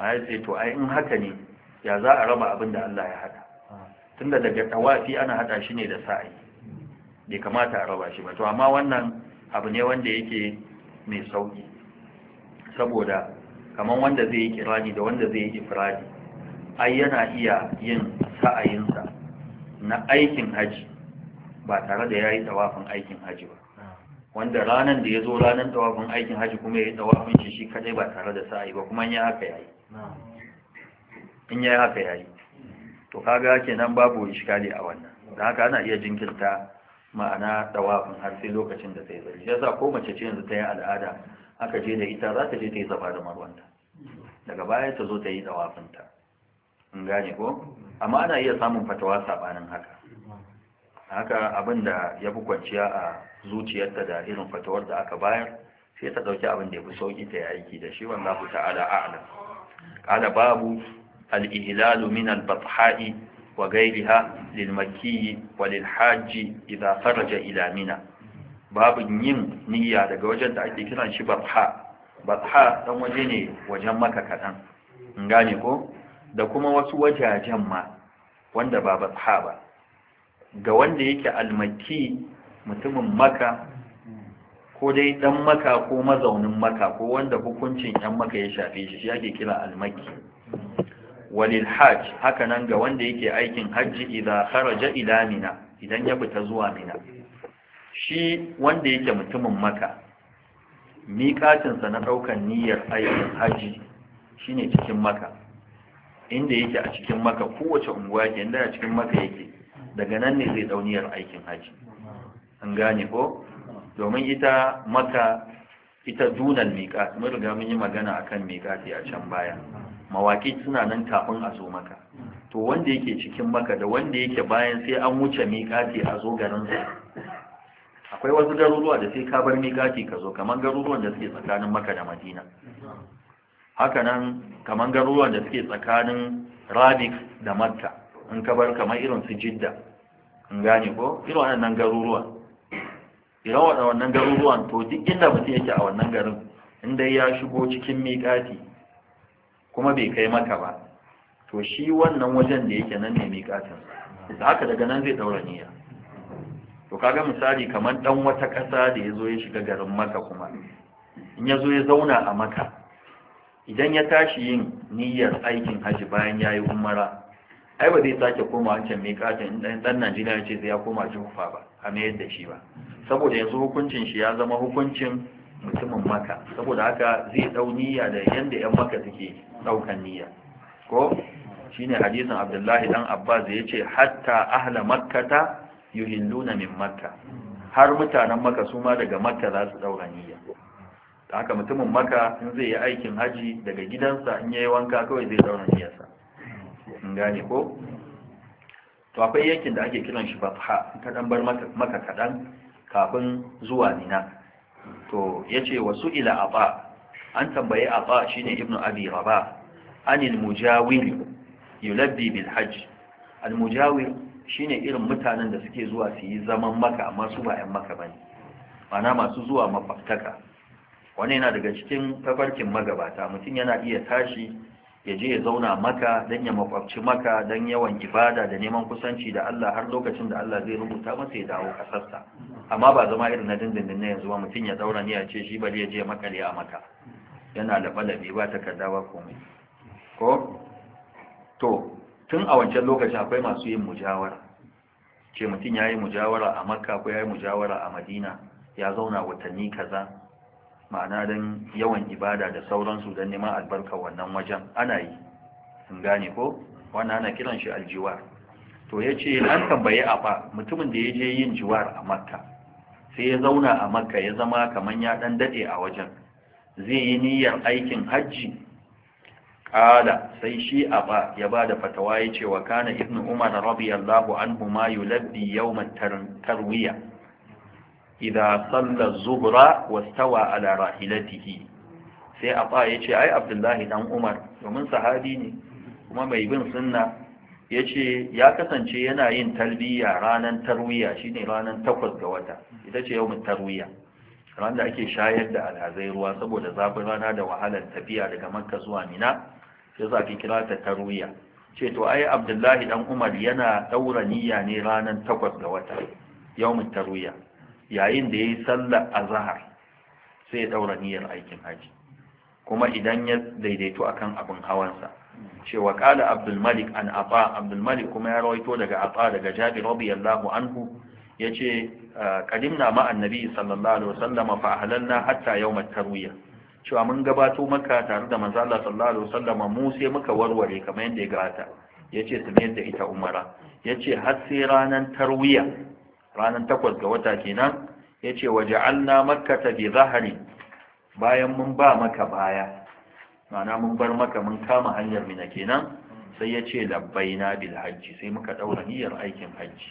a yi sai to ai in haka ne ya za a raba abin da Allah ya haɗa tunda daga tawafi ana haɗa shi ne da sa'ayi bai kamata a raba shi ba to amma wannan abu ne wanda yake mai sauki saboda kamar wanda zai yi kirani da wanda zai yi ifradi ai yana iya yin sa'ayinsa na aikin haji ba tare da ya yi tawafin aikin haji ba wanda ranar da ya zo ranar tawafin aikin haji kuma ya yi tawafin shi shi kadai ba tare da sa'ayi ba kuma ya haka ya yi in ya haka yayi, to kaga kenan babu iskali a wannan da haka ana iya jinkirta ma'ana dawafin har sai lokacin da ta yi zari yasa ko mace ce yanzu ta yi al'ada aka je da ita za ta je ta yi zaba da marwanta daga baya ta zo ta yi ta in gane ko amma ana iya samun fatawa sabanin haka haka abin da ya fi kwanciya a zuciyarta da irin fatawar da aka bayar sai ta dauki abin da ya fi sauki ta yi aiki da shi wallahu ta'ala a'lam qala babu al-ihlalu min al-batha'i وغيرها للمكي وللحاج إذا خرج إلى منا باب yin niyya daga wajen da ake kiran shi batha batha dan waje ne wajen maka kadan in gane ko da kuma wasu wajajen ma wanda ba batha ba ga wanda yake almaki mutumin maka ko dai dan maka ko mazaunin maka ko wanda hukuncin yan maka ya shafe shi shi ake kira almaki walil hajj haka nan ga wanda yake aikin hajji idan kharaja ila mina idan ya fita zuwa mina shi wanda yake mutumin maka sa na ɗaukan niyyar aikin hajji shine cikin maka inda yake a cikin maka kowace unguwa yake inda a cikin maka yake daga nan ne zai dauniyar aikin hajji? an gane ko domin ita maka ita dunan miƙat mun riga mun yi magana akan miƙati a can baya mawaƙi suna nan kafin a zo maka to wanda yake cikin maka da wanda yake bayan sai an wuce miƙati a zo garin akwai wasu garuruwa da sai ka bar miƙati ka zo kamar garuruwan da suke tsakanin maka da madina haka nan kamar garuruwan da suke tsakanin rabik da makka in ka bar kamar irin su jidda in gane ko irin waɗannan garuruwan irin waɗannan garuruwan to duk inda mutum yake a wannan garin in dai ya shigo cikin miƙati kuma bai kai maka ba to shi wannan wajen da yake nan ne katin da haka daga nan zai daura niyya to kaga misali kamar dan wata ƙasa da ya zo ya shiga garin maka kuma in ya zo ya zauna a maka idan ya tashi yin niyyar aikin hajji bayan ya yi umara ai ba zai sake koma wancan katin in dan najeriya ya ce zai ya koma jufa ba a mayar da shi ba saboda yanzu hukuncin shi ya zama hukuncin mutumin maka saboda haka zai dau niyya da yanda yan maka suke daukan niyya ko shine hadisin Abdullahi dan Abbas da yace hatta ahla makkata yuhilluna min makka har mutanen maka su ma daga makka za su daura niyya da haka mutumin maka in zai yi aikin haji daga gidansa in yayi wanka kawai zai daura sa in gane ko to akwai yankin da ake kiran shi fatha ta dan bar maka kadan kafin zuwa mina to ya ce wasu ila aba an tambaye aba shine ibnu abi raba anil mujawir yulabbi bil hajj al mujawir shine irin mutanen da suke zuwa su yi zaman maka amma su ba 'yan maka bane mana masu zuwa mafaktaka wani yana daga cikin tafarkin magabata mutum yana iya tashi ya je ya zauna maka don ya makwabci maka don yawan ibada da neman kusanci da Allah har lokacin da Allah zai rubuta masa ya dawo kasarsa amma ba zama irin na dindindin na yanzu ba mutum ya daura ne ya ce shi bari ya je makale a maka yana labalabe, ba ta kaddawa komai ko to tun a wancan lokacin akwai masu yin mujawara ce mutum ya yi mujawara a maka ko ya yi mujawara a madina ya zauna watanni kaza ma'ana don yawan ibada da sauransu don neman albarka wannan wajen ana yi sun gane ko wannan ana kiran shi aljiwar to ya ce an tambaye a fa mutumin da ya je yin jiwar a makka sai ya zauna a makka ya zama kamar ya dan daɗe a wajen zai yi niyyar aikin hajji ƙada sai shi a ba ya ba da fatawa ya ce wa kana ibn umar radiyallahu anhu ma yulabbi yawmat tarwiyah Ida sallar zubra wastawa ala rahilatihi sai afa yace ai abdullahi dan umar domin sahabi ne kuma mai bin sunna yace ya kasance yana yin talbiya ranar tarwiya shine ranar takwas ga wata ita ce yawmin tarwiya ran da ake shayar da alhazai ruwa saboda zafin rana da wahalar tafiya daga makka zuwa mina sai za ki kira ta tarwiya ce to ai abdullahi dan umar yana daura niyya ne ranan takwas ga wata yawmin tarwiya yayin da ya yi sallar azahar sai ya ɗaura niyyar aikin haji kuma idan ya daidaito akan abin hawansa cewa kala abdulmalik an afa abdulmalik kuma ya rawaito daga afa daga jabi radiyallahu anhu ya ce ƙadimna ah, ma'an nabi sallallahu alaihi wasallam fa ahlalna hatta yawmat tarwiya cewa mun gabato maka tare da manzo Allah sallallahu alaihi wasallam mu sai muka warware kamar yadda ya gabata yace su da ita umara yace har sai ranar tarwiya ranar takwas ga wata kenan ya ce waje an na makata bi zahari bayan mun ba maka baya mana mun bar maka mun kama hanyar mina kenan sai ya ce labbaina bil hajji sai muka daura niyyar aikin hajji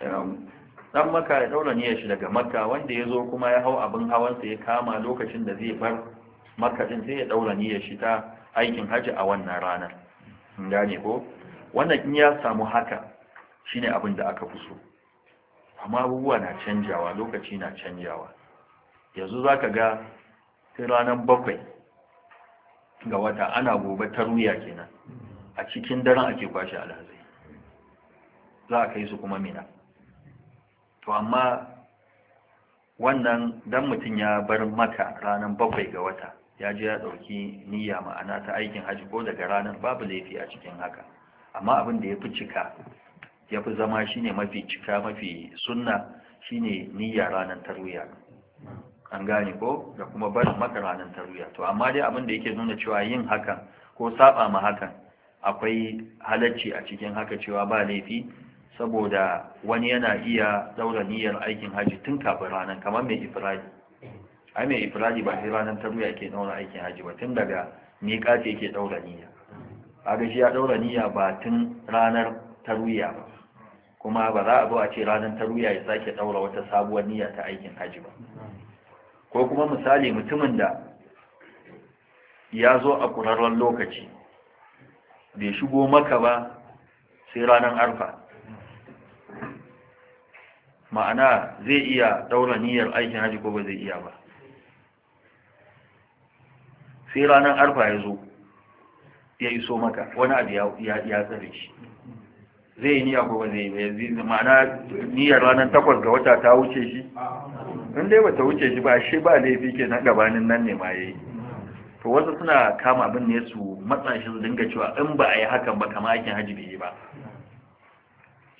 dan ehm, maka ya daura niyyar shi daga makka wanda ya zo kuma ya hau abin hawansa ya kama lokacin da zai bar makka din sai ya daura niyyar shi ta aikin hajji a wannan ranar gane ko wannan in ya samu haka shine abin da aka fi amma abubuwa na canjawa lokaci na canjawa yanzu za ka ga ranar bakwai ga wata ana gobe ruya kenan a cikin daren ake kwashe alhazai za a kai su kuma mina to amma wannan dan mutum ya bar maka ranar bakwai ga wata ya je ya ɗauki niyya ma'ana ta aikin hajji ko daga ranar babu laifi a cikin haka amma abin da ya fi cika ya fi zama ne mafi cika mafi sunna ne niyya ranar tarwiyya an gane ko da kuma barin maka ranar tarwiya to amma dai abin da yake nuna cewa yin hakan ko saba ma hakan akwai halacci a cikin haka cewa ba laifi saboda wani yana iya daura niyyar aikin haji tun kafin ranar kamar mai ifradi ai mai ba sai ranar tarwiya ke daura aikin haji ba tun daga miƙa ce ke daura niyya a shi ya daura niyya ba tun ranar tarwiya ba kuma ba za a zo a ce ranar ruya ya sake daura wata sabuwar niyya ta aikin haji ba ko kuma misali mutumin da ya zo a ƙurarren lokaci bai shigo maka ba sai ranar arfa ma'ana zai iya daura niyyar aikin haji ko ba zai iya ba sai ranar arfa ya zo ya iso maka wani abu ya tsare shi zai yi niyya ko ba zai yi ma'ana niyyar ranar takwas ga wata ta wuce shi in dai ba wuce shi ba shi ba laifi ke na gabanin nan ne ma yayi to wasu suna kama abin ne su matsa shi su dinga cewa in ba a yi hakan ba kama aikin hajji bai yi ba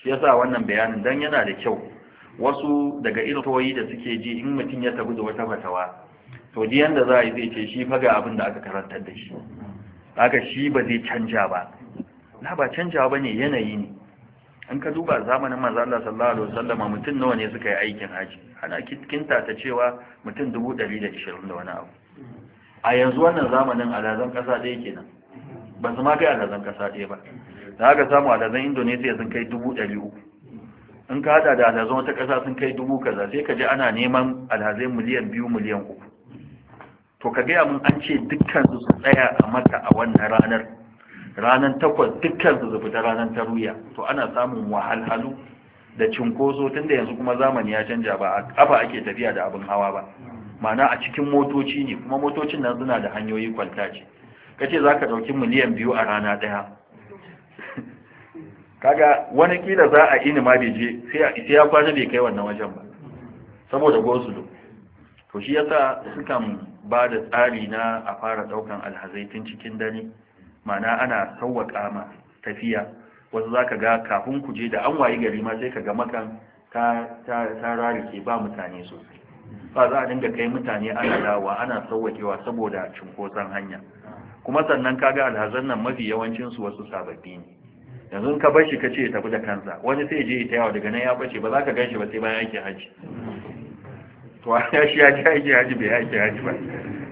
shi yasa wannan bayanin dan yana da kyau wasu daga irtoyi da suke ji in mutum ya tabu da wata fatawa to ji yanda za a yi zai ce shi ga abin da aka karantar da shi haka shi ba zai canja ba na ba canjawa ba ne yanayi ne in ka duba zamanin manzo Allah sallallahu alaihi wasallama mutum nawa ne suka yi aikin haji ana kinta ta cewa mutum 120 da wani abu a yanzu wannan zamanin alazan kasa ɗaya nan, ban su ma kai alazan kasa ɗaya ba da haka samu alazan Indonesia sun kai 300 in ka hada da alazan wata kasa sun kai dubu kaza sai ka ji ana neman alhazai miliyan biyu miliyan uku to ka gaya mun an ce dukkan su su tsaya a maka a wannan ranar ranar takwas dukkan su ta ranar tarwiya to ana samun wahalhalu da cinkoso tunda yanzu kuma zamani ya canja ba a kafa ake tafiya da abin hawa ba ma'ana a cikin motoci ne kuma motocin nan suna da hanyoyi kwalta ce kace zaka ɗauki miliyan biyu a rana daya kaga wani kila za a ini ma bai je sai ya kwana bai kai wannan wajen ba saboda do, to shi yasa sukan ba da tsari na a fara ɗaukan alhazai cikin dare ma'ana ana sauwaka ma tafiya wasu za ka ga kafin ku je da an wayi gari ma sai ka ga makan ta rarike ba mutane sosai ba za a dinga kai mutane ana dawa ana sauwakewa saboda cunkoson hanya kuma sannan ka ga alhazan nan mafi yawancinsu wasu sababbi ne yanzu ka bar shi ka ce tafi da kansa wani sai je ta yawa daga nan ya bace ba za ka ganshi ba sai bayan yake haji to ya shi ya ji haji haji bai yake haji ba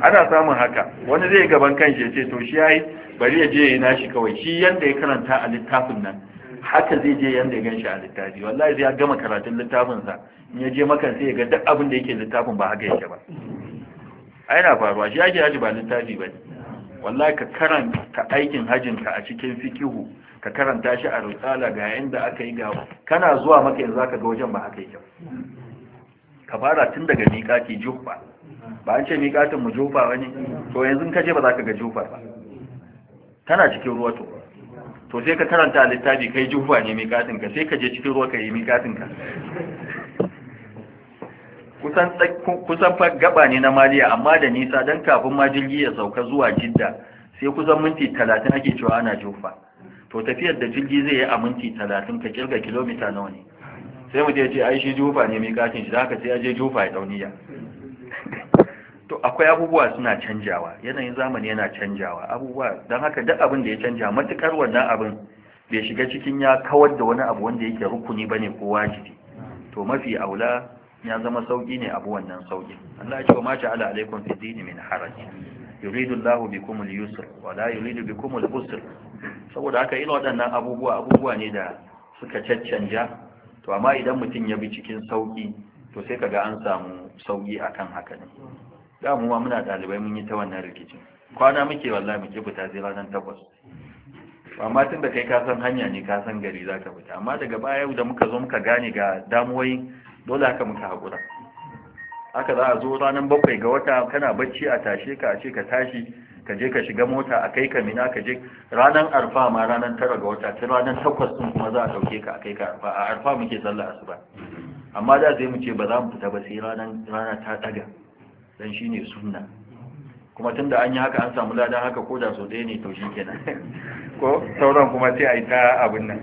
ana samun haka wani zai gaban kanshi ya ce to shi ya yi. bari ya je ya nashi kawai shi yadda ya karanta a littafin nan haka zai je yadda ya ganshi a littafi wallahi zai ya gama karatun littafin sa in ya je makan sai ya ga duk abin da yake littafin ba haka yake ba ai na faruwa shi yake haji ba littafi ba ne. wallahi ka karanta aikin hajin ka a cikin fikihu ka karanta shi a rutsala ga yadda aka yi gawa kana zuwa maka yanzu zaka ga wajen ba haka yake ka fara tun daga miƙati jufa ba an ce miƙatin mu jufa wani to yanzu ka je ba za ka ga jufa ba tana cikin ruwa to to sai ka karanta a littafi kai juhuwa ne miƙatin ka sai ka je cikin ruwa ka yi miƙatin ka kusan kusan fa gaba ne na maliya amma da nisa dan kafin ma jirgi ya sauka zuwa jidda sai kusan minti 30 ake cewa ana jufa to tafiyar da jirgi zai yi a minti 30 ka kirga kilomita nawa ne sai mu je ce ai shi jufa ne katin shi da haka sai ya je jufa ya dauniya to akwai abubuwa suna canjawa yanayin zamani yana canjawa abubuwa don haka duk abin da ya canja matukar wannan abin bai shiga cikin ya kawar da wani abu wanda yake rukuni ba bane ko wajibi to mafi aula ya zama sauki ne abu wannan sauki Allah ya ce ma ja'ala alaikum fi dini min haraj yuridu Allah bikum al-yusr wa la yuridu bikum al-usr saboda haka ina waɗannan abubuwa abubuwa ne da suka caccanja to amma idan mutum ya bi cikin sauki to sai kaga an samu sauki akan haka ne da mu ma muna dalibai mun yi ta wannan rikicin kwana muke wallahi muke fita sai ranar takwas amma tun da kai ka san hanya ne ka san gari za ka fita amma daga baya yau da muka zo muka gane ga damuwoyi dole haka muka haƙura haka za a zo ranar bakwai ga wata kana bacci a tashe ka a ce ka tashi ka je ka shiga mota a kai ka mina ka je ranar arfa ma ranar tara ga wata ta ranar takwas ɗin kuma za a ɗauke ka a kai ka arfa a arfa muke sallah asuba amma da zai mu ce ba za mu fita ba sai ranar rana ta ɗaga dan shine sunna kuma tunda an yi haka an samu ladan haka ko da so ɗaya ne to kenan ko sauran kuma sai a yi ta abin nan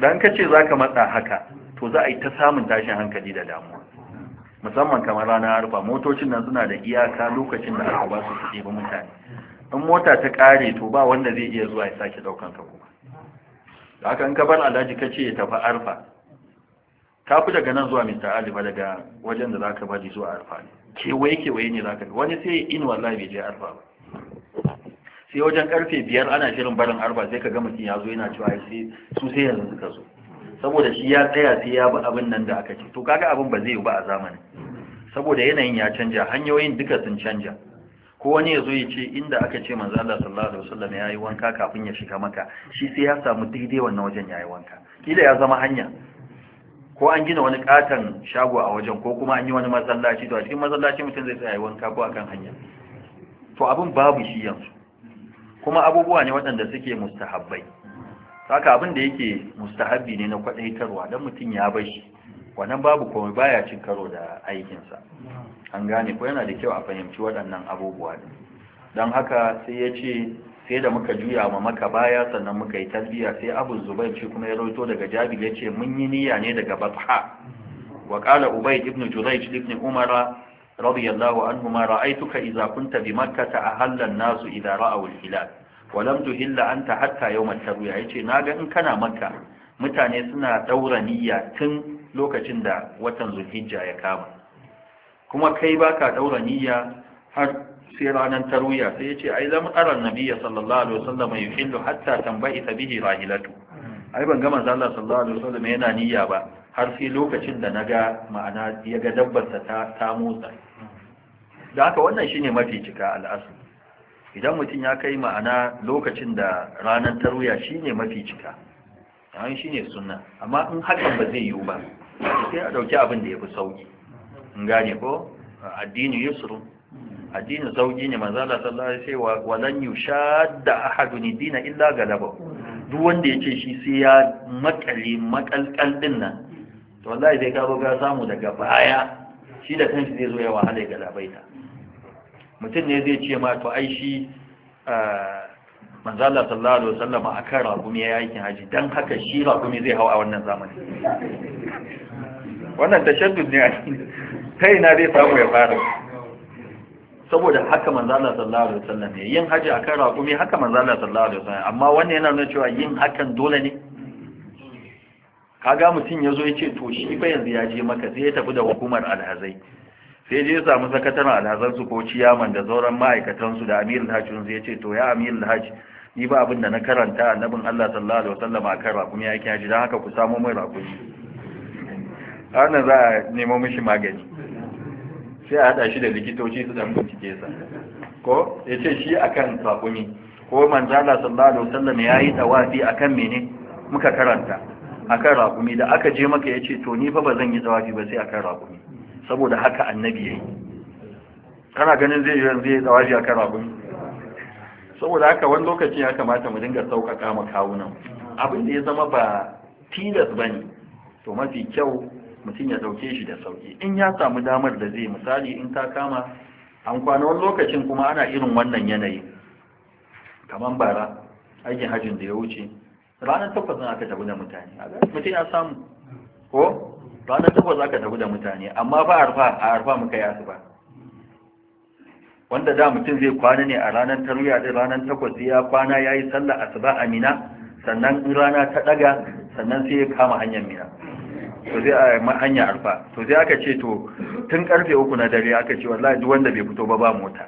dan ka ce zaka matsa haka to za a yi ta samun tashin hankali da damuwa musamman kamar ranar harfa motocin nan suna da iyaka lokacin da aka ba su su ba mutane in mota ta ƙare to ba wanda zai iya zuwa ya sake ɗaukan ka kuma da haka in ka bar alhaji ka ce ya tafi arfa ka fi daga nan zuwa mista alifa daga wajen da za ka bari zuwa arfa ne kewaye kewaye ne zaka wani sai in wallahi bai je arfa ba sai wajen karfe biyar ana shirin barin arba sai ka ga mutum ya zo yana cewa sai su sai yanzu suka zo saboda shi ya tsaya sai ya bi abin nan da aka ce to kaga abin ba zai yi ba a zamanin saboda yanayin ya canja hanyoyin duka sun canja ko wani ya zo ya ce inda aka ce manzo Allah sallallahu alaihi wasallam ya yi wanka kafin ya shiga maka shi sai ya samu daidai na wajen ya yi wanka kila ya zama hanya ko an gina wani katon shago a wajen ko kuma an yi wani masallaci to a cikin masallaci mutum zai tsaya wanka a kan hanya to abin babu shi yanzu kuma abubuwa ne waɗanda suke mustahabbai haka abin da yake mustahabbi ne na kwadaitarwa dan mutum ya bar shi wannan babu komai baya cin karo da aikinsa an gane ko yana da kyau a fahimci waɗannan abubuwa dan don haka sai ya ce sai da muka juya wa maka baya sannan muka yi tasbiya sai abu zubair shi kuma ya rawaito daga jabir ya ce mun yi niyya ne daga batha wa qala ubayd ibn jurayj ibn umara radiyallahu anhu ma ra'aytuka idza kunta bi makkah ahalla an-nasu idza ra'aw al-hilal wa lam tuhilla anta hatta yawm at-tarwiyah yace naga in kana makka mutane suna daura niyya tun lokacin da watan zulhijja ya kama kuma kai baka daura niyya har sai ranar tarwiya sai ya ce ai zan aran nabiya sallallahu alaihi wasallam ya hillu hatta tambayi ta bihi rahilatu ai ban ga manzo Allah sallallahu alaihi wasallam yana niyya ba har sai lokacin da naga ma'ana ya ga dabbarsa ta ta motsa da haka wannan shine mafi cika al'asu idan mutum ya kai ma'ana lokacin da ranar tarwiya shine mafi cika an shine sunna amma in hakan ba zai yiwu ba sai a dauki abin da yafi sauki in gane ko addini yusrun addinin sauki ne manzo Allah sallallahu alaihi wasallam walan yushadda ahadun dina illa galaba duk wanda yace shi sai ya makale makalkal din nan to wallahi zai kawo ga samu daga baya shi da kanshi zai zo ya wahala ga labaita mutum ne zai ce ma to ai shi Manzala Allah sallallahu alaihi wasallam akan ragumi ya yakin haji dan haka shi ragumi zai hau a wannan zamani wannan tashaddud ne kai na zai samu ya fara saboda haka manzo Allah sallallahu alaihi wasallam ne yin haji akan raqumi haka manzo Allah sallallahu alaihi wasallam amma wannan yana nuna cewa yin hakan dole ne kaga mutum yazo yace to shi fa yanzu ya je maka sai ya tafi da hukumar alhazai sai je ya samu sakataren alhazan su ko ciyaman da zauren ma'aikatan su da amirul hajji sun ya ce to ya amirul hajji ni ba abin da na karanta annabin Allah sallallahu alaihi wasallam akan raqumi yake haji dan haka ku samu mai raqumi ana za a nemo mishi magani sai a hada shi da likitoci su dan bincike sa ko ya ce shi akan sakumi ko manzala sallallahu alaihi wasallam ya yi tawafi akan mene muka karanta akan rakumi da aka je maka ya ce to ni fa ba zan yi tawafi ba sai akan rakumi saboda haka annabi yayi kana ganin zai yi zai tawafi akan rakumi saboda haka wani lokaci ya kamata mu dinga sauƙaƙa ma kawunan abin da ya zama ba tilas bane to mafi kyau mutum ya dauke shi da sauki in ya samu damar da zai misali in ta kama an kwana wani lokacin kuma ana irin wannan yanayi kamar bara aikin hajjin da ya wuce ranar takwas aka tafi da mutane mutum ya samu ko ranar takwas aka tafi da mutane amma ba a arfa muka yi asuba wanda da mutum zai kwana ne a ranar taruya da ranar takwas ya kwana ya yi sallah asuba a mina sannan in rana ta daga sannan sai ya kama hanyar mina to sai a hanya arfa to sai aka ce to tun karfe uku na dare aka ce wallahi duk wanda bai fito ba ba mota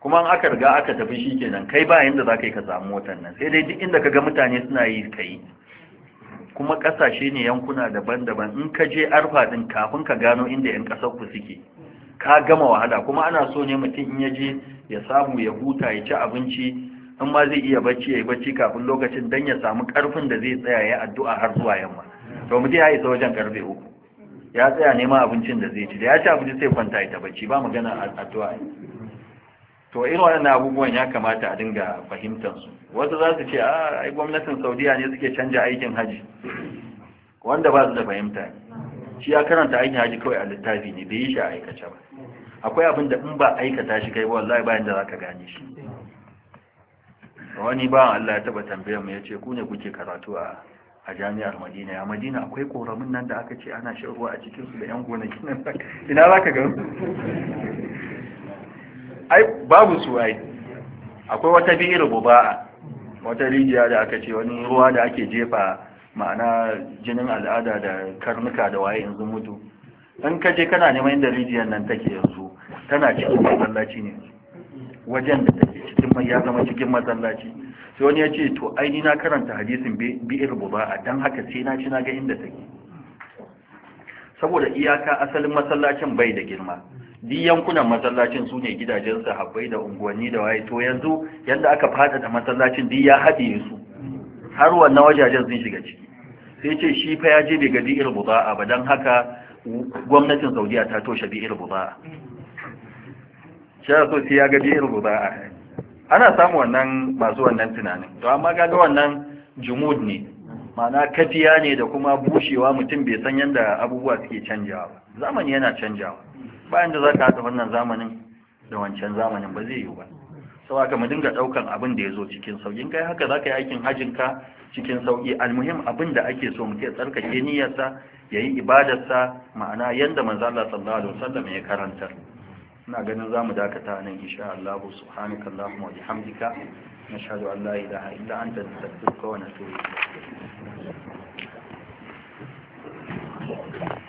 kuma aka riga aka tafi shi kenan kai ba yanda za ka yi ka samu motar nan sai dai duk inda ka ga mutane suna yi ka yi kuma ƙasashe ne yankuna daban-daban in ka je arfa din kafin ka gano inda 'yan ƙasar ku suke ka gama wahala kuma ana so ne mutum in ya je ya samu ya huta ya ci abinci in ma zai iya bacci ya yi bacci kafin lokacin don ya samu ƙarfin da zai tsaya ya addu'a har zuwa yamma to mutum ya isa wajen karfe uku ya tsaya neman abincin da zai ci da ya ci abinci sai kwanta ita bacci ba magana addu'a to irin waɗannan abubuwan ya kamata a dinga fahimtar su wasu za su ce a ah, gwamnatin saudiya ne suke canja aikin haji wanda ba su da fahimta shi ya karanta aikin haji kawai a littafi ne bai yi shi a aikace ba akwai abin da in ba aikata shi kai wallahi bayan da za ka gane shi wani ba Allah ya taba tambayar mu yace ku ne kuke karatu a a jami'ar Madina ya Madina akwai koramin nan da aka ce ana shan ruwa a cikin su da yan gonaki nan ina zaka ga ai babu su ai akwai wata bi'ir buba'a wata rijiya da aka ce wani ruwa da ake jefa ma'ana jinin al'ada da karnuka da waye yanzu mutu in ka je kana neman inda rijiyar nan take yanzu tana cikin masallaci ne wajen da take cikin ya zama cikin matsalaci sai wani ya ce to aini na karanta hadisin bi'ir a don haka sai na ci na ga inda take saboda iyaka asalin masallacin bai da girma duk yankunan masallacin su ne gidajen sahabbai da unguwanni da waye to yanzu yanda aka fada da masallacin duk ya haɗe su har wannan wajajen sun shiga ciki sai ce shi fa ya je bai ga bi'ir buza'a ba don haka gwamnatin saudiya ta toshe bi'ir buza'a. shi ya so sai ya ga bi'ir buza'a. ana samu wannan masu wannan tunanin to amma kaga wannan jumud ne ma'ana katiya ne da kuma bushewa mutum bai san yadda abubuwa suke canjawa ba zamani yana canjawa bayan da za ka haɗa wannan zamanin da wancan zamanin ba zai yiwu ba sau haka mu dinga ɗaukan abin da ya zo cikin sauƙi kai haka za ka yi aikin hajjinka cikin sauƙi almuhim abin da ake so mutum ya tsarkake niyyarsa ya yi ibadarsa ma'ana yadda manzo Allah sallallahu alaihi wasallam ya karantar ina ganin za mu dakata nan insha Allah subhanaka Allahumma wa bihamdika nashhadu an la ilaha illa anta nastaghfiruka wa natubu ilayk